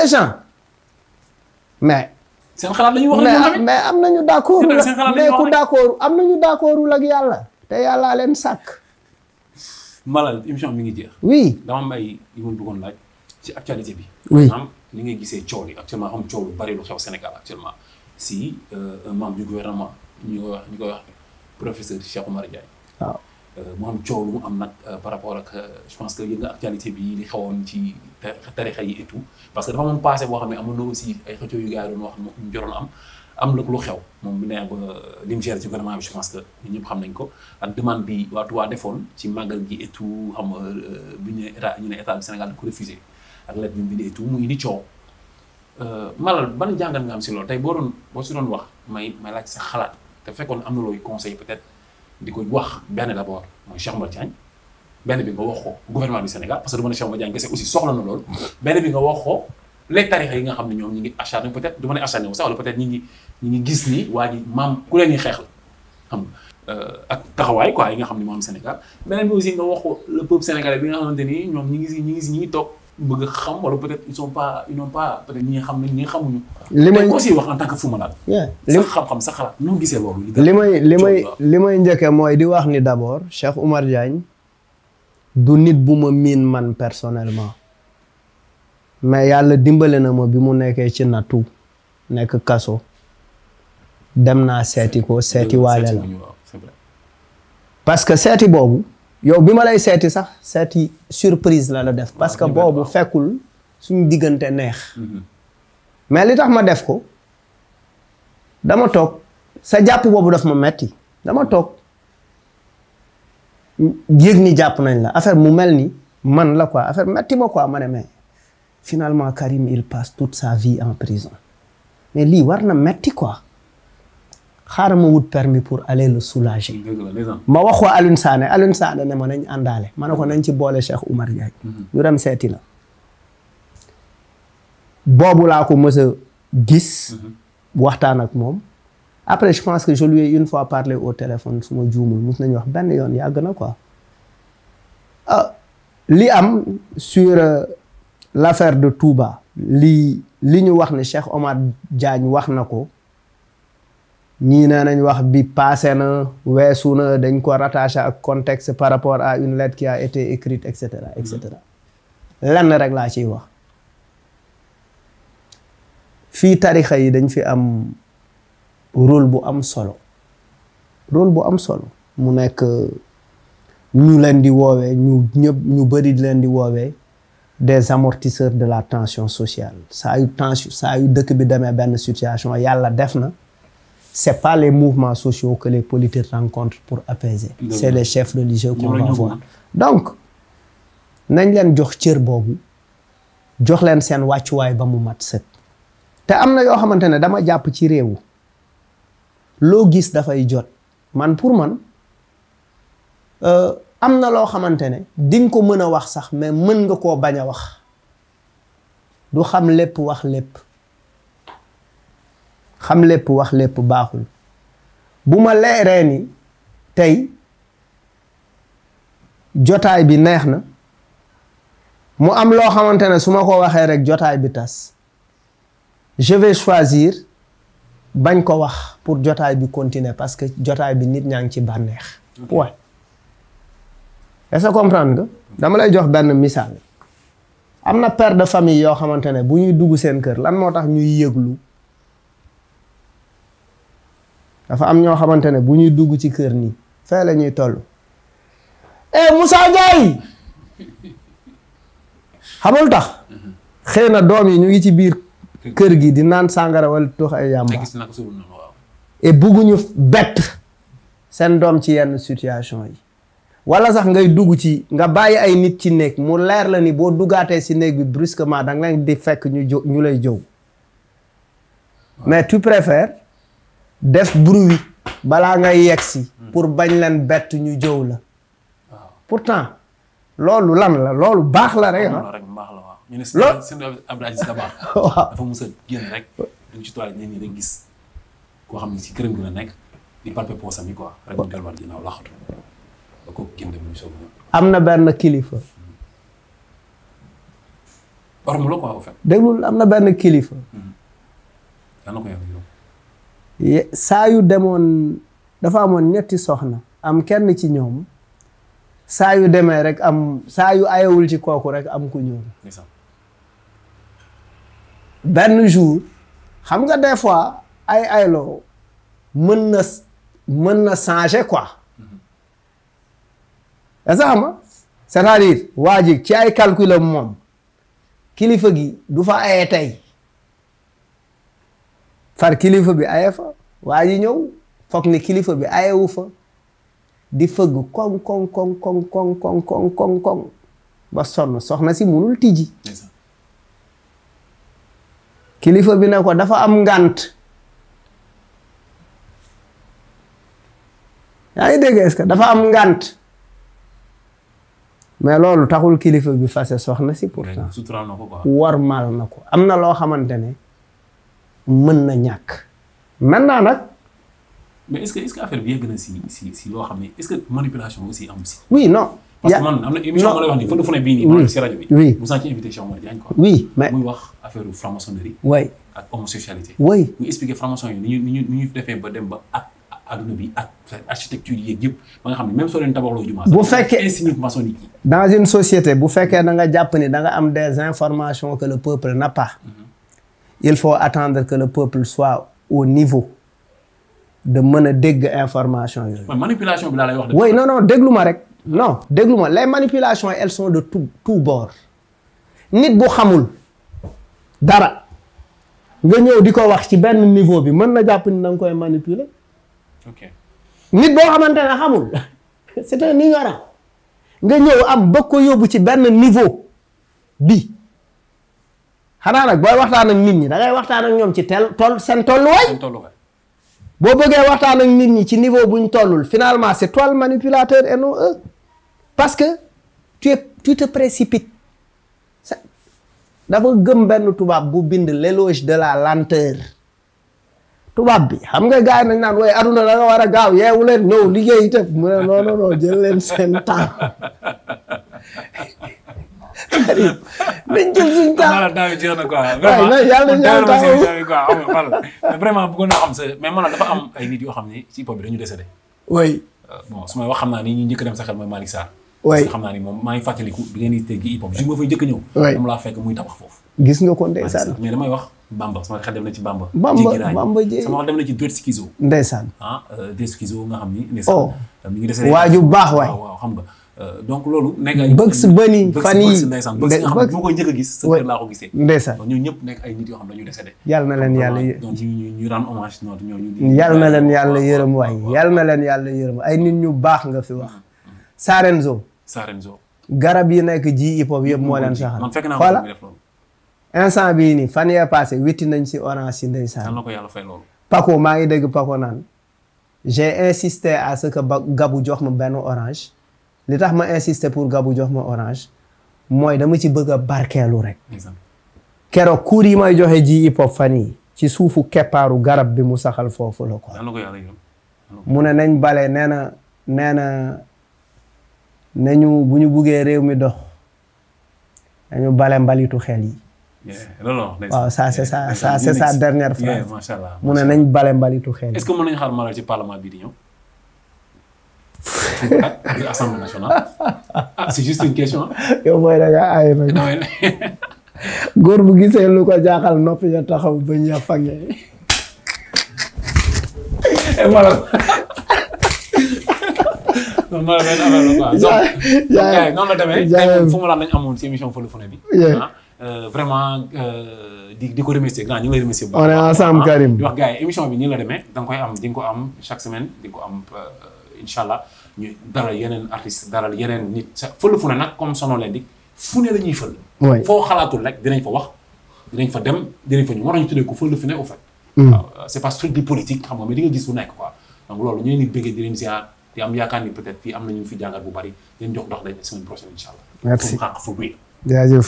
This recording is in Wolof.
les gens mais. seen xalaat la ñuy wax mais mais am nañu d' accord mais ku d' accord am nañu d' accordul ak yàlla te yàllaa leen sàkk. Malal émission mi ngi jeex. oui dama am ay yu ma bëggoon laaj ci actualité bi. oui maanaam ni ngay gisee coow li actuellement am coow lu bari lu xew Sénégal actuellement si euh, un membre du gouvernement ñu koy wax ñu koy wax professeur Cheikh Oumar Diagne waaw. Euh, mu am coow lu mu am nag euh, par rapport ak euh, je pense que yëg nga actualité bi li xewoon ci tarixa yi et parce que dafa amoon passé boo xam ne amoon na aussi ay xëccoo yu gars yi doon am am la lu xew moom bu nee ba lim bi je pense que ñëpp xam nañ ko ak demande bi waa defoon ci màggal gi et am xam bu ñu ne état ñu ne état du Sénégal da ko ak lettre bi mu bindee et tout muy ni coow malal ban jàngat nga am si loolu tey boo doon boo si doon wax may may laaj sa xalaat te fekkoon am na looy conseil peut-être. di ko wax benn d'abord mooy Cheikh Omar Diagne benn bi nga wax ko gouvernement du Sénégal parce que du ma ne Cheikh Omar Diagne aussi soxla na loolu benn bi nga wax ko les tarixa yi nga xam ne ñoom ñu ngi acharné peut-être du ma ne ñi ngi gis ni waa ji maam ku leen ñuy xeex la xam euh, ak taxawaay quoi yi nga xam ne moom am Sénégal beneen bi aussi nga wax ko le peuple sénégalais bi nga xamante ni ñoom ñi ngi si ñi ngi si ñi ngi toog bëgg xam wala peut-être ils sont pas ils xam ne ñi xamuñu. li may wax en tant que fumanal. sa xam-xam sa gisee loolu. li may li may li may njëkkee mooy di wax ni d'abord Cheikh Oumar Diagne du nit bu ma miin man personnellement mais yàlla dimbale na ma bi mu nekkee ci nattu nekk kaso dem naa seeti ko seeti waale la parce que seeti boobu. yow bi ma lay seeti sax seeti surprise la la def ah, parce que boobu fekkul suñu diggante neex mm-hmm. mais li tax ma def ko dama toog sa jàpp boobu def ma metti dama toog yéeg ni jàpp nañ la affaire mu mel ni man la ko affaire metti ma ko ma ne mais finalement Karim il passe toute sa vie en prison mais lii war na metti quoi xaaral ma wut permis pour aller le soulager. ma wax ko Alioune Sané Alioune Sané ne ma nañ àndaale mane ko nañ ci boole Cheikh Oumar Ndiaye. Mhm. ñu dem seeti la. boobu laa ko mës a gis. Mhm. waxtaan ak moom. après je pense que je lui ai une fois au téléphone su ma juumul mos nañu wax benn yoon yàgg na ko ah li am sur euh, l'affaire de Touba. lii li ñu wax ne Cheikh Omar Diagne wax na ko. ñii nee nañ wax bi paase na weesu na dañ ko rattaché ak contexte par rapport à une lettre qui a été écrite et cetera et cetera lenn rek laa ciy wax fii tarixa yi dañ fi am rôle bu am solo rôle bu am solo mu nekk ñu leen di woowee ñu ñëpp ñu bëri di leen di woowee des amortisseurs de la tension sociale saa yu tension saa yu dëkk bi demee benn situation yàlla def na c'est pas les mouvements sociaux que les politiques pour apaiser c'est les chefs religieux qu'on va voir donc nañ leen jox cër boobu jox leen seen wàccuwaay ba mu mat set te am na yoo xamante ne dama jàpp ci réew loo gis dafay jot man pour man euh, am na loo xamante ne di ko mën a wax sax mais mën nga koo bañ a wax du xam lépp wax lépp xam lépp wax lépp baaxul bu ma leeree ni tey jotaay bi neex na mu am loo xamante ne su ma ko waxee rek jotaay bi tas je vais choisir bañ ko wax pour jotaay bi continuer parce que jotaay bi nit ñaa ngi ci bànneex point est-ce que nga dama lay jox benn misaal am na père de famille yoo xamante ne bu ñuy dugg seen kër lan moo tax ñuy yëglu dafa am ñoo xamante ne bu ñuy dugg ci kër nii fee la ñuy toll eh Moussa xamul tax xëy na doom yi ñu ngi ci biir kër gi di naan sàngara wala tux ay yàmba et e, bugguñu bett seen doom ci yenn situation yi wala sax ngay dugg ci nga bàyyi ay nit ci néeg mu leer la ni boo duggaatee si néeg bi brusquement danga leen di fekk ñu ñu lay jow mais tu préfères def bruit balaa nga yegsi pour bañ leen bett ñu jëw la pourtant loolu lan la loolu baax la rek ah. ñu ne seen Abdou Aziz Dabakh dafa mës a gis koo xam ne ci këram gi la nekk di am na benn kilifa. am na benn kilifa. Mm-hmm. saa yu demoon dafa amoon ñetti soxna am kenn ci ñoom saa yu demee rek am saa yu ayewul ci kooku rek am ku ñëw benn jour xam nga des fois ay ayloo mën na mën na changer quoi yaa mm-hmm. saxama c'est-à-dire waa ci ay calculam moom kilifa gi du fa aye tey far kilifa bi aye fa waa ji ñëw foog ni kilifa bi ayewu fa di fëgg koŋ koŋ koŋ koŋ koŋ koŋ ba sonn soxna si munul tijji kilifa bi ne ko dafa am ngànt ngi dégg dafa am ngànt mais loolu taxul kilifa bi fase soxna si pourtant war mal na ko am na loo xamante ne mën na ñàkk maintenant nag. mais est-ce que est-ce que affaire bi yegg na si si si loo xam ne est-ce que manipulation aussi am si. oui non. parce que man am na émission ma lay wax nii fële fu ne bii nii. maanaam si rajo bi. oui mu sànq ci invité Cheikh Omar Diagne quoi. oui mais muy wax affaire franc-maçonnerie. oui ak homosexualité. oui mu expliqué franc-maçon yi ni ñu ni ñu ni ñu defee ba dem ba ak adduna bi ak architecture yeeg yëpp ba nga xam ne même soo leen tabaxloo jumaa. bu fekkee insigne maçonnique yi. dans une société bu fekkee da nga jàpp ni da nga am des informations que le peuple n'a pas. Mm-hmm. il faut attendre que le peuple soit au niveau da mën a dégg information yooyu. manipulation bi laa lay wax. oui non non déglu ma rek. non déglu ma les manipulations elles sont de tout tout bord nit bu xamul dara nga ñëw di ko wax ci benn niveau bi mën na jàpp ni nan nga koy manipuler. nit boo xamante ne xamul c'est un ignorant nga ñëw am bëgg ko yóbbu ci benn niveau bi. xanaa nag booy waxtaan ak nit ñi dangay waxtaan ak ñoom ci tel toll seen tolluwaay. boo bëggee waxtaan ak nit ñi ci niveau bu ñu tollul finalement c'est toi le manipulateur et non eux que tu es tu te précipites dafa gëm benn tubaab bu bind leloge de la lenteur tubaab bi xam nga gars yi nañ naan woy aduna da nga war a gaaw yeewu leen ñëw liggéey itam mu ne non non jël leen seen temps xarit nañ jël suñu a maanaam temps bi jeex na quoi. vraiment yàlla nañu quoi vraiment am ay nit yoo xam ne ci pop bi dañu décédé. oui. bon su naa ni ñu njëkk dem sa mooy Malick Sarr. oui xam naa moom maa ngi fàttaliku bi ngeen di teggi hip hop ju ma fay njëkk ko ndeysaan wax Bamba sama na ci Bamba. Bamba Bamba jee na ci Dóor Skizo. ndeysaan ah eh, Dóor Skizo nga xam ni. ndeysaan oh. mi ngi décédé waaju baax waay waaw xam nga Euh, donc loolu. nekk ay bëgg bëni fan yii ndeysaan bëgg a gis. sa kër laa ko gisee. ndeysaan ñëpp nekk ay nit yal na leen yàlla yërëm donc ñu yal na leen yàlla yërëm waay na leen yàlla yërëm ay nit ñu baax nga fi wax. Mm, mm. Sarenzo. Sarenzo. garab yi nekk ji hip yëpp moo leen saxal. man fekk naa ko def loolu instant bii nii fan yee passé witti nañ si orange si ndeysaan. yal na maa ngi dégg Paco naan j'ai insisté à ce que Gabou jox ma benn orange li tax ma insister pour Gabou jox ma orange mooy dama ci bëgg a barkeelu rek. keroog kuur yi may joxe ji hip fan yi ci suufu keppaaru garab bi mu saxal foofu la ko. mu ne nañ bale nee na nee na nañu bu ñu buggee réew mi dox nañu bale mbalitu xel yi. waaw ça c'est ça ça c'est sa dernière phrase. mu ne nañ bale mbalitu xel yi. est-ce que mën bi di ñëw. assemblée nationale ah c'est yow mooy da nga aaye nag bu gisee lu ko jaaxal noppi ya taxaw bañ ya fange eh, voilà non non non la demee tey fu mu laal lañ amoon si émission Folofoné bi. Ah, euh, vraiment euh, di di ko remercier grand ñu ah. Karim. di wax émission bi nii la demee da koy am di nga ko am chaque semaine di ko am euh, incha allah. ñu dalal yeneen artiste dalal yeneen nit fël fu ne nag comme sono leen di fu ne la fël. foo xalaatul rek dinañ fa wax dinañ fa dem dinañ fa ñu war nañu tuddee ko fël fu ne au fait. Mm. Euh, c'est pas strict du politique xam nga mais di gis lu nekk quoi donc loolu ñu ngi bëggee di leen ziar yaakaar ni peut fii am nañu fi jàngat bu bari di jox dox dañ semaine prochaine incha allah. merci pour fu buy.